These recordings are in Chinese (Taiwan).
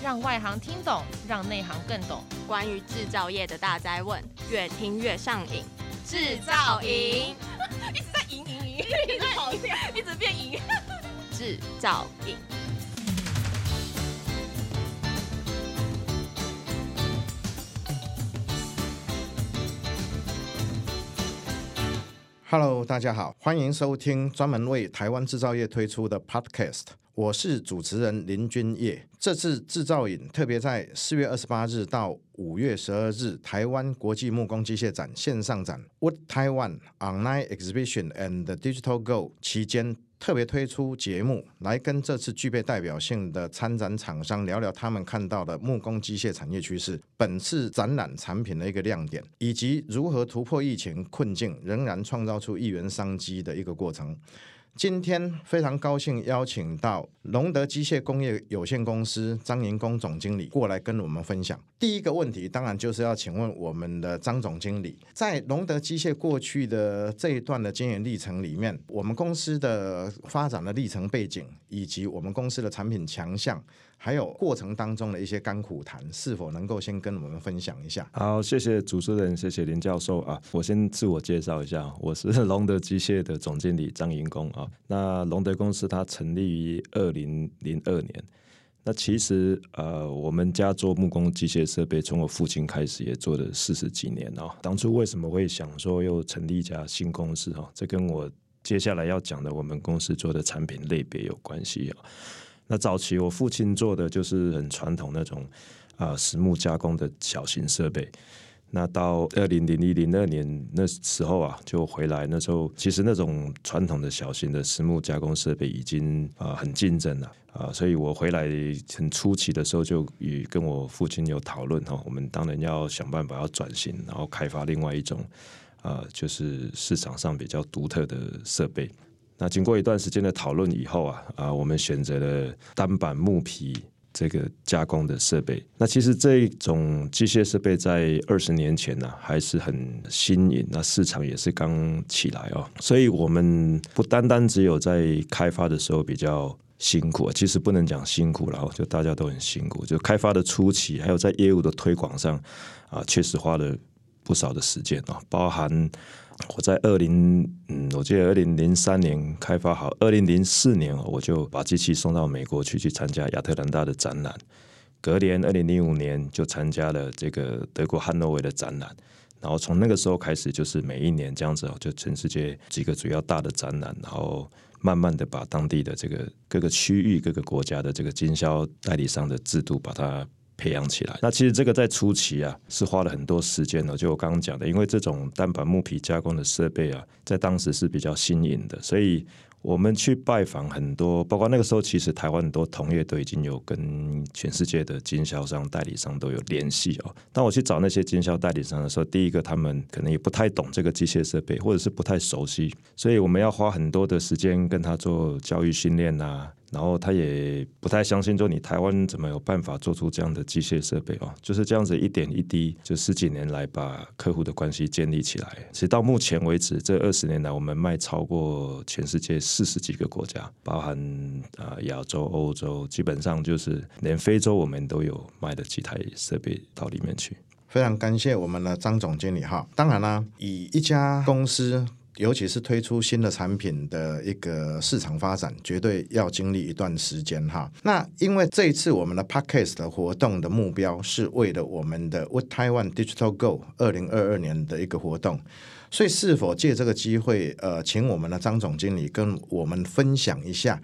讓外行聽懂，讓內行更懂。關於製造業的大哉問，越聽越上癮。製造贏，一直在贏贏贏，一直跑一直變贏。變 製造贏。Hello，大家好，歡迎收聽專門為台灣製造業推出的 Podcast。我是主持人林君業。這次制造影特別在四月二十八日到五月十二日，台灣國際木工機械展線上展 Wood Taiwan Online Exhibition and the Digital Go） 期間，特別推出節目來跟這次具備代表性的參展廠商聊聊他們看到的木工機械產業趨勢、本次展覽產品的一個亮點，以及如何突破疫情困境，仍然創造出億元商機的一個過程。今天非常高興邀請到龍德機械工業有限公司張銀恭總經理過來跟我們分享。第一個問題，當然就是要請問我們的張總經理，在龍德機械過去的這一段的經營歷程裡面，我們公司的發展的歷程背景以及我們公司的產品強項。還有過程當中的一些甘苦談，是否能夠先跟我們分享一下？好，謝謝主持人，謝謝林教授啊。我先自我介紹一下，我是龍德機械的總經理張銀恭啊。那龍德公司它成立於二零零二年，那其實呃，我們家做木工機械設備，從我父親開始也做了四十幾年啊。當初為什麼會想說又成立一家新公司啊？這跟我接下來要講的我們公司做的產品類別有關係啊。那早期我父親做的就是很傳統那種，啊、呃，實木加工的小型設備。那到二零零一零二年那時候啊，就回來那時候，其實那種傳統的小型的實木加工設備已經啊、呃，很競爭了，啊、呃，所以我回來很初期的時候就與跟我父親有討論哈、哦，我們當然要想辦法要轉型，然後開發另外一種啊、呃，就是市場上比較獨特的設備。那經過一段時間的討論以後啊，啊，我們選擇了單板木皮這個加工的設備。那其實這一種機械設備在二十年前呢，啊，還是很新穎，那市場也是剛起來哦。所以，我們不單單只有在開發的時候比較辛苦，其實不能講辛苦啦，然後就大家都很辛苦。就開發的初期，還有在業務的推廣上啊，確實花了不少的時間啊，哦，包含。我在二零，嗯，我記得二零零三年開發好，二零零四年我就把機器送到美國去去參加亞特蘭大的展覽，隔年二零零五年就參加了這個德國漢諾威的展覽。然後從那個時候開始就是每一年這樣子，就全世界幾個主要大的展覽，然後慢慢的把當地的這個各個區域各個國家的這個經銷代理商的制度把它。培養起來，那其實這個在初期啊是花了很多時間的。就我剛剛講的，因為這種單板木皮加工的設備啊，在當時是比較新穎的，所以我們去拜訪很多，包括那個時候其實台灣很多同業都已經有跟全世界的經銷商、代理商都有聯繫哦，當我去找那些經銷代理商的時候，第一個他們可能也不太懂這個機械設備，或者是不太熟悉，所以我們要花很多的時間跟他做教育訓練啊。然後他也不太相信，就你台灣怎麼有辦法做出這樣的機械設備哦？就是這樣子一點一滴，就十幾年來把客戶的關係建立起來。其實到目前為止，這二十年來，我們賣超過全世界四十幾個國家，包含啊、呃、亞洲、歐洲，基本上就是連非洲我們都有賣的幾台設備到裡面去。非常感謝我們的張總經理哈！當然呢，以一家公司。尤其是推出新的產品的一個市場發展，絕對要經歷一段時間哈。那因為這一次我們的 Podcast 的活動的目標是為了我們的 WOOD TAIWAN Digital Go 二零二二年的一個活動，所以是否借這個機會，呃，請我們的張總經理跟我們分享一下，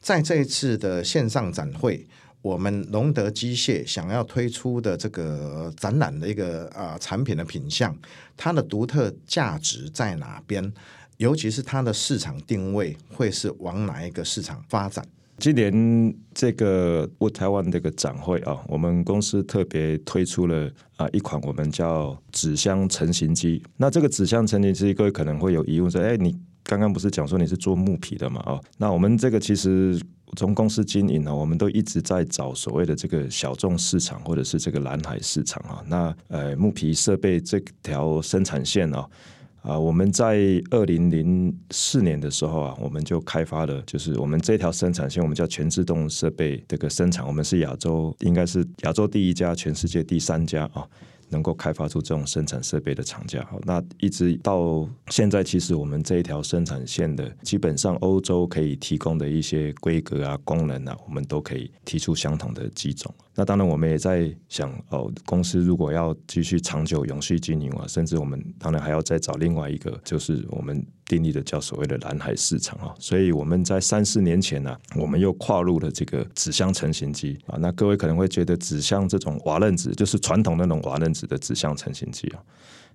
在這一次的線上展會。我們龍德機械想要推出的這個展覽的一個啊產品的品項，它的獨特價值在哪邊？尤其是它的市場定位會是往哪一個市場發展？今年這個 Wood Taiwan 這個展會啊，我們公司特別推出了啊一款我們叫紙箱成型機。那這個紙箱成型機，各位可能會有疑問，說：哎，你剛剛不是講說你是做木皮的嘛？哦，那我們這個其實。從公司經營呢、啊，我們都一直在找所謂的這個小眾市場或者是這個藍海市場啊。那呃、哎、木皮設備這條生產線呢、啊，啊我們在二零零四年的時候啊，我們就開發了，就是我們這條生產線，我們叫全自動設備這個生產，我們是亞洲應該是亞洲第一家，全世界第三家啊。能夠開發出這種生產設備的廠家，那一直到現在，其實我們這一條生產線的，基本上歐洲可以提供的一些規格啊、功能啊，我們都可以提出相同的機種。那當然，我們也在想哦，公司如果要繼續長久、永續經營啊，甚至我們當然還要再找另外一個，就是我們定義的叫所謂的藍海市場啊。所以我們在三四年前呢、啊，我們又跨入了這個紙箱成型機啊。那各位可能會覺得紙箱這種瓦楞紙，就是傳統那種瓦楞紙的紙箱成型機啊。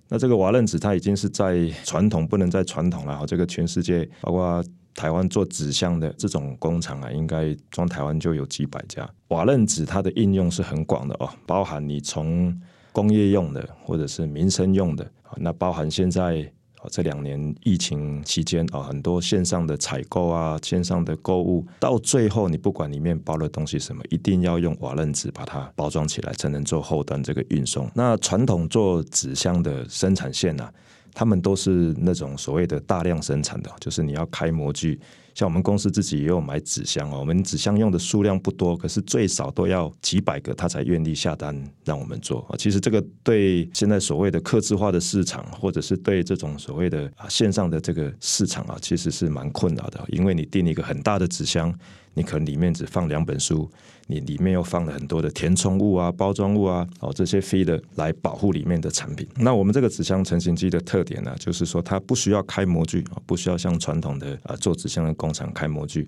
那這個瓦楞紙它已經是在傳統，不能再傳統了、啊、哈。這個全世界包括。台灣做紙箱的這種工廠啊，應該裝台灣就有幾百家。瓦楞紙它的應用是很廣的哦，包含你從工業用的，或者是民生用的啊。那包含現在，哦，這兩年疫情期間啊，哦，很多線上的採購啊，線上的購物，到最後你不管裡面包的東西什麼，一定要用瓦楞紙把它包裝起來，才能做後端這個運送。那傳統做紙箱的生產線啊，他們都是那種所謂的大量生產的，就是你要開模具。像我們公司自己也有買紙箱哦，我們紙箱用的數量不多，可是最少都要幾百個，他才願意下單讓我們做啊。其實這個對現在所謂的客製化的市場，或者是對這種所謂的啊線上的這個市場啊，其實是蠻困擾的，因為你訂一個很大的紙箱，你可能裡面只放兩本書。你裡面又放了很多的填充物啊、包裝物啊，哦，這些 filler 來保護裡面的產品。那我們這個紙箱成型機的特點呢、啊，就是說它不需要開模具啊，不需要像傳統的啊、呃、做紙箱的工廠開模具。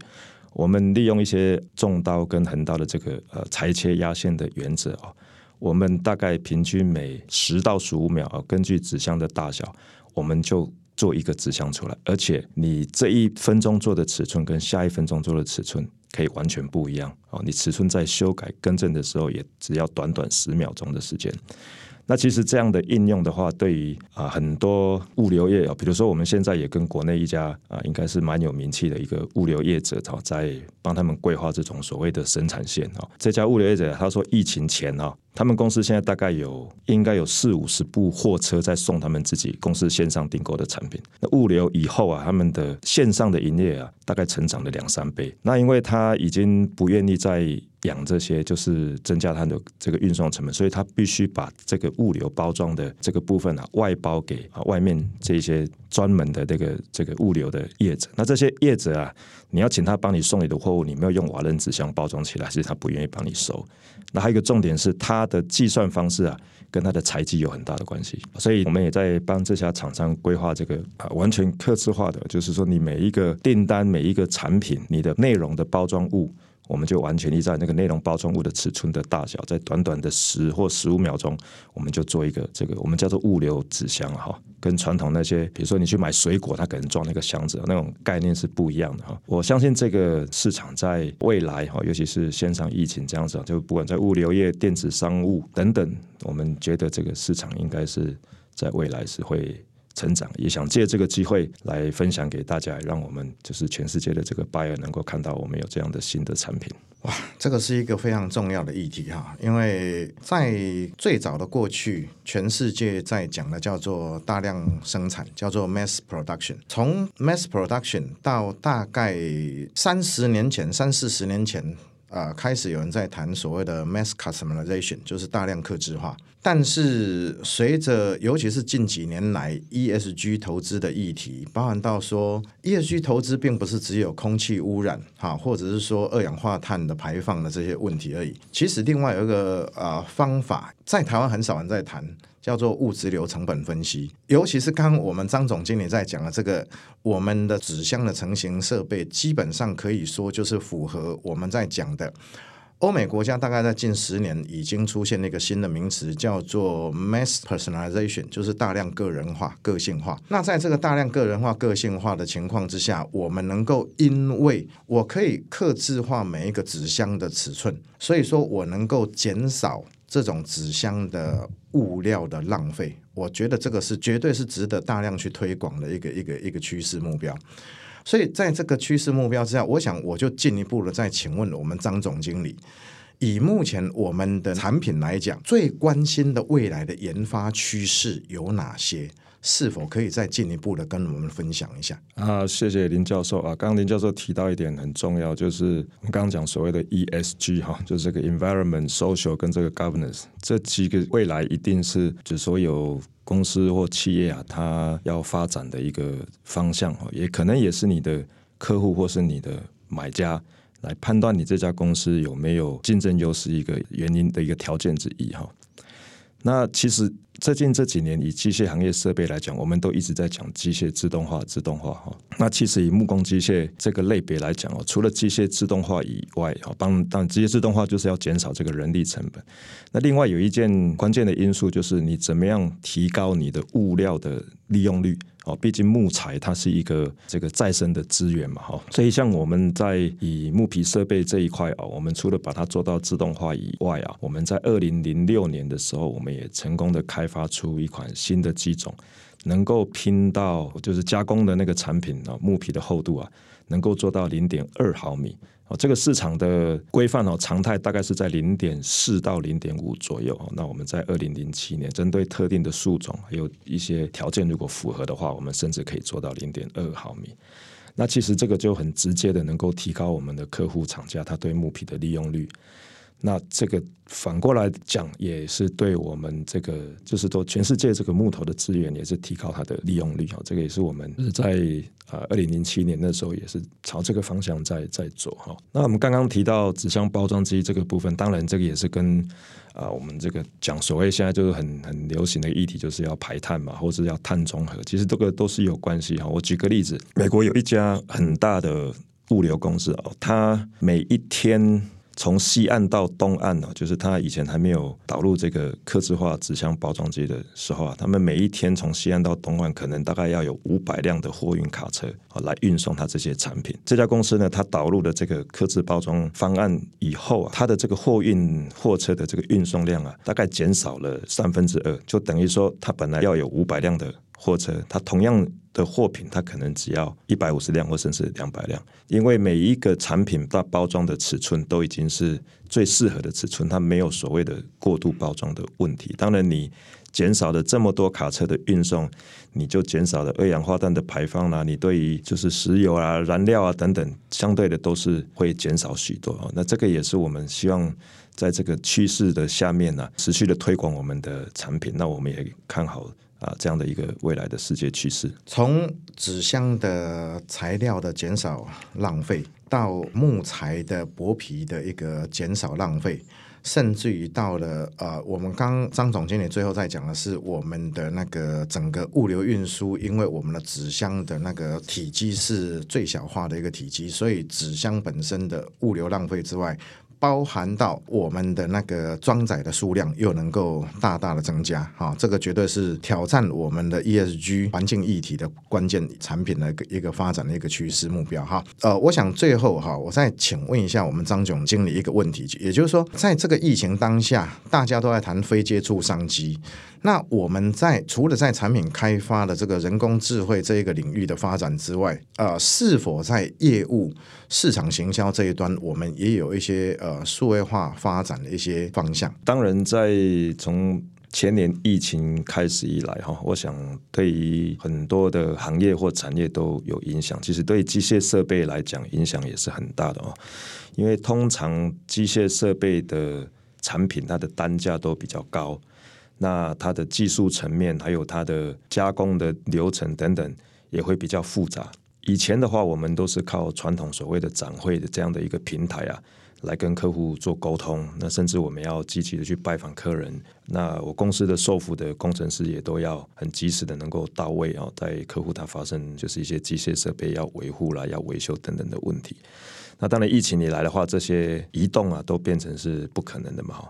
我們利用一些重刀跟橫刀的這個呃裁切壓線的原則啊、哦，我們大概平均每十到十五秒啊、哦，根據紙箱的大小，我們就。做一個紙箱出來，而且你這一分鐘做的尺寸跟下一分鐘做的尺寸可以完全不一樣哦。你尺寸在修改更正的時候，也只要短短十秒鐘的時間。那其實這樣的應用的話，對於啊很多物流業啊，比如說我們現在也跟國內一家啊，應該是蠻有名氣的一個物流業者，在幫他們規劃這種所謂的生產線啊。這家物流業者他說，疫情前啊，他們公司現在大概有應該有四五十部貨車在送他們自己公司線上訂購的產品。那物流以後啊，他們的線上的營業啊，大概成長了兩三倍。那因為他已經不願意再養這些就是增加它的這個運送成本，所以它必須把這個物流包裝的這個部分啊，外包給啊外面這些專門的這個這個物流的業者。那這些業者啊，你要請他幫你送你的貨物，你沒有用瓦楞紙箱包裝起來，其實他不願意幫你收。那還有一個重點是，它的計算方式啊，跟它的材積有很大的關係。所以我們也在幫這家廠商規劃這個啊完全客制化的，就是說你每一個訂單、每一個產品、你的內容的包裝物。我們就完全依照那個內容包裝物的尺寸的大小，在短短的十或十五秒鐘，我們就做一個這個我們叫做物流紙箱哈，跟傳統那些，比如說你去買水果，它可能裝那個箱子那種概念是不一樣的哈。我相信這個市場在未來哈，尤其是線上疫情這樣子，就不管在物流業、電子商務等等，我們覺得這個市場應該是在未來是會。成長，也想借這個機會來分享給大家，讓我們就是全世界的這個 buyer 能夠看到我們有這樣的新的產品。哇，這個是一個非常重要的議題哈，因為在最早的過去，全世界在講的叫做大量生產，叫做 mass production。從 mass production 到大概三十年前，三四十年前。呃，開始有人在談所謂的 mass customization，就是大量客制化。但是隨着，尤其是近幾年來 ESG 投資的議題，包含到說 ESG 投資並不是只有空氣污染哈、啊，或者是說二氧化碳的排放的這些問題而已。其實另外有一個呃方法，在台灣很少人在談。叫做物質流成本分析，尤其是剛剛我們張總經理在講的這個，我們的紙箱的成型設備，基本上可以說就是符合我們在講的歐美國家，大概在近十年已經出現了一個新的名詞，叫做 mass personalization，就是大量個人化、個性化。那在這個大量個人化、個性化的情況之下，我們能夠因為我可以客製化每一個紙箱的尺寸，所以說我能夠減少。這種紙箱的物料的浪費，我覺得這個是絕對是值得大量去推廣的一個一個一個趨勢目標。所以在這個趨勢目標之下，我想我就進一步的再請問我們張總經理，以目前我們的產品來講，最關心的未來的研發趨勢有哪些？是否可以再進一步的跟我們分享一下？啊，謝謝林教授啊。剛剛林教授提到一點很重要，就是我們剛剛講所謂的 ESG 哈，就是這個 environment、social 跟這個 governance 這幾個未來一定是，就所有公司或企業啊，它要發展的一個方向哦，也可能也是你的客戶或是你的買家來判斷你這家公司有沒有競爭優勢一個原因的一個條件之一哈。那其實。最近這幾年，以機械行業設備來講，我們都一直在講機械自動化、自動化哈。那其實以木工機械這個類別來講哦，除了機械自動化以外，啊，幫當然機械自動化就是要減少這個人力成本。那另外有一件關鍵的因素就是你怎麼樣提高你的物料的利用率哦。畢竟木材它是一個這個再生的資源嘛哈。所以像我們在以木皮設備這一塊啊，我們除了把它做到自動化以外啊，我們在二零零六年的時候，我們也成功的開發出一款新的機種，能夠拼到就是加工的那個產品啊，木皮的厚度啊，能夠做到零點二毫米啊。這個市場的規範哦，常態大概是在零點四到零點五左右。那我們在二零零七年，針對特定的樹種，還有一些條件如果符合的話，我們甚至可以做到零點二毫米。那其實這個就很直接的能夠提高我們的客戶廠家他對木皮的利用率。那這個反過來講，也是對我們這個就是說全世界這個木頭的資源也是提高它的利用率哈、哦，這個也是我們在啊二零零七年那時候也是朝這個方向在在走哈、哦。那我們剛剛提到紙箱包裝機這個部分，當然這個也是跟啊、呃、我們這個講所謂現在就是很很流行的議題，就是要排碳嘛，或者是要碳中和，其實這個都是有關係哈、哦。我舉個例子，美國有一家很大的物流公司哦，它每一天。從西岸到東岸哦，就是他以前還沒有導入這個客製化紙箱包裝機的時候啊，他們每一天從西岸到東岸，可能大概要有五百輛的貨運卡車啊來運送他這些產品。這家公司呢，它導入了這個客製包裝方案以後啊，它的這個貨運貨車的這個運送量啊，大概減少了三分之二，就等於說它本來要有五百輛的。貨車，它同樣的貨品，它可能只要一百五十輛，或者是兩百輛，因為每一個產品大包裝的尺寸都已經是最適合的尺寸，它沒有所謂的過度包裝的問題。當然，你減少了這麼多卡車的運送，你就減少了二氧化碳的排放啦、啊。你對於就是石油啊、燃料啊等等，相對的都是會減少許多。那這個也是我們希望。在這個趨勢的下面呢、啊，持續的推廣我們的產品，那我們也看好啊這樣的一個未來的世界趨勢。從紙箱的材料的減少浪費，到木材的薄皮的一個減少浪費，甚至於到了呃，我們剛剛張總經理最後在講的是我們的那個整個物流運輸，因為我們的紙箱的那個體積是最小化的一個體積，所以紙箱本身的物流浪費之外。包含到我們的那個裝載的數量又能夠大大的增加，哈，這個絕對是挑戰我們的 ESG 環境議題的關鍵產品的一個發展的一個趨勢目標，哈。呃，我想最後哈，我再請問一下我們張總經理一個問題，也就是說，在這個疫情當下，大家都在談非接觸商機，那我們在除了在產品開發的這個人工智慧這一個領域的發展之外，呃，是否在業務市場行銷這一端，我們也有一些，呃呃，數位化發展的一些方向。當然，在從前年疫情開始以來哈，我想對於很多的行業或產業都有影響。其實對機械設備來講，影響也是很大的哦。因為通常機械設備的產品，它的單價都比較高，那它的技術層面還有它的加工的流程等等，也會比較複雜。以前的話，我們都是靠傳統所謂的展會的這樣的一個平台啊。來跟客戶做溝通，那甚至我們要積極的去拜訪客人。那我公司的售後的工程師也都要很及時的能夠到位啊，哦，在客戶他發生就是一些機械設備要維護啦，要維修等等的問題。那當然疫情以來的話，這些移動啊都變成是不可能的嘛。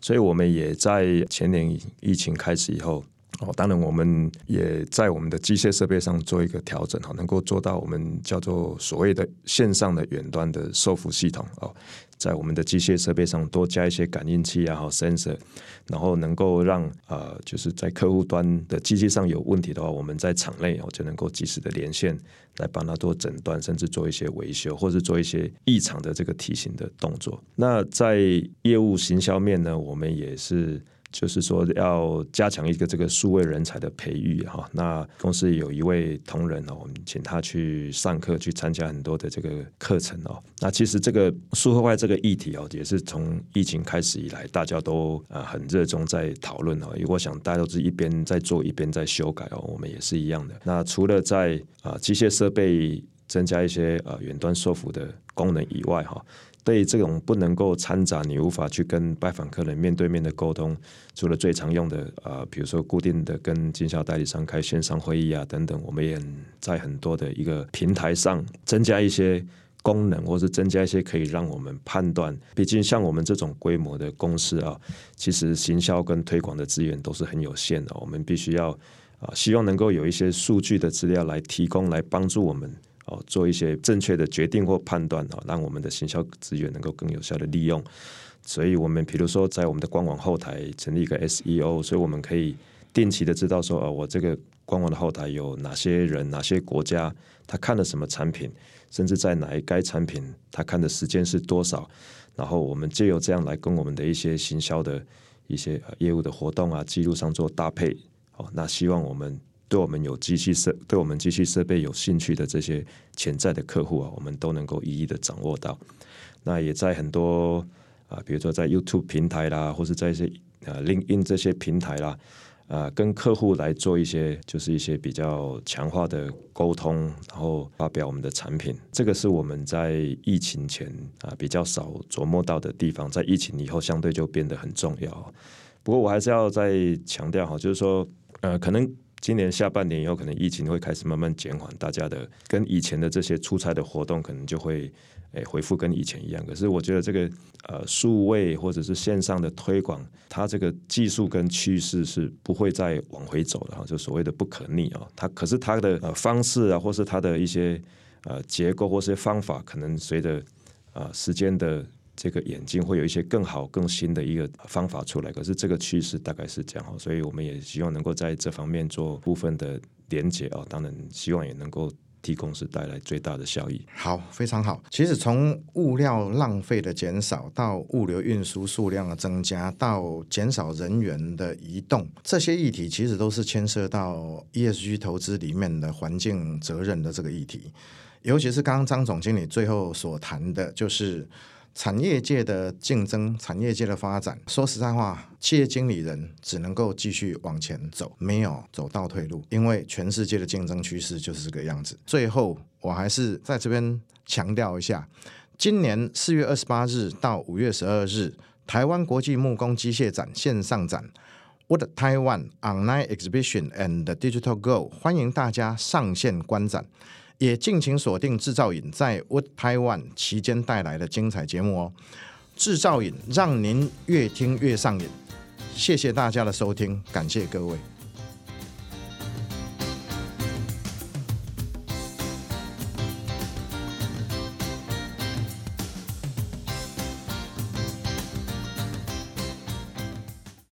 所以，我們也在前年疫情開始以後。哦，當然，我們也在我們的機械設備上做一個調整哈、哦，能夠做到我們叫做所謂的線上的遠端的售服系統哦，在我們的機械設備上多加一些感應器啊、好、哦、sensor，然後能夠讓呃，就是在客戶端的機器上有問題的話，我們在廠內哦就能夠及時的連線來幫他做診斷，甚至做一些維修，或者做一些異常的這個提醒的動作。那在業務行銷面呢，我們也是。就是說要加強一個這個數位人才的培育哈，那公司有一位同仁，我們請他去上課去參加很多的這個課程哦。那其實這個數位化這個議題哦，也是從疫情開始以來，大家都啊很熱衷在討論哦。如果想大家都是一邊在做一邊在修改哦，我們也是一樣的。那除了在啊機械設備增加一些呃遠端說服的功能以外哈。所以這種不能夠摻雜，你無法去跟拜訪客人面對面的溝通。除了最常用的啊、呃，比如說固定的跟經銷代理商開線上會議啊等等，我們也很在很多的一個平台上增加一些功能，或是增加一些可以讓我們判斷。畢竟像我們這種規模的公司啊，其實行銷跟推廣的資源都是很有限的，我們必須要啊、呃，希望能夠有一些數據的資料來提供，來幫助我們。哦，做一些正確的決定或判斷哦，讓我們的行銷資源能夠更有效的利用。所以，我們比如說在我們的官網後台成立一個 SEO，所以我們可以定期的知道說，呃，我這個官網的後台有哪些人、哪些國家，他看了什麼產品，甚至在哪一該產品他看的時間是多少。然後，我們借由這樣來跟我們的一些行銷的一些業務的活動啊，記錄上做搭配。哦，呃，那希望我們。對我們有機器設，對我們機器設備有興趣的這些潛在的客戶啊，我們都能夠一一的掌握到。那也在很多啊、呃，比如說在 YouTube 平台啦，或是在一些呃 LinkedIn 這些平台啦，啊、呃，跟客戶來做一些就是一些比較強化的溝通，然後發表我們的產品。這個是我們在疫情前啊、呃、比較少琢磨到的地方，在疫情以後相對就變得很重要。不過我還是要再強調哈，就是說呃可能。今年下半年以後，可能疫情會開始慢慢減緩，大家的跟以前的這些出差的活動，可能就會誒、哎、恢復，跟以前一樣。可是我覺得這個呃，數位或者是線上的推廣，它這個技術跟趨勢是不會再往回走了，就所謂的不可逆啊、哦。它可是它的呃方式啊，或是它的一些呃結構或是些方法，可能隨着啊、呃、時間的。這個眼鏡會有一些更好、更新的一個方法出來，可是這個趨勢大概是這樣，所以我們也希望能夠在這方面做部分的連接哦，當然希望也能夠提供是帶來最大的效益。好，非常好。其實從物料浪費的減少到物流運輸數量的增加，到減少人員的移動，這些議題其實都是牽涉到 ESG 投資裡面的環境責任的這個議題，尤其是剛剛張總經理最後所談的，就是。產業界的競爭，產業界的發展，說實在話，企業經理人只能夠繼續往前走，沒有走到退路，因為全世界的競爭趨勢就是這個樣子。最後，我還是在這邊強調一下，今年四月二十八日到五月十二日，台灣國際木工機械展線上展，WOOD TAIWAN Online Exhibition and the DigitalGo，歡迎大家上線觀展。也敬請鎖定製造影在 WOOD TAIWAN 期間帶來的精彩節目哦！製造影讓您越聽越上癮，謝謝大家的收聽，感謝各位。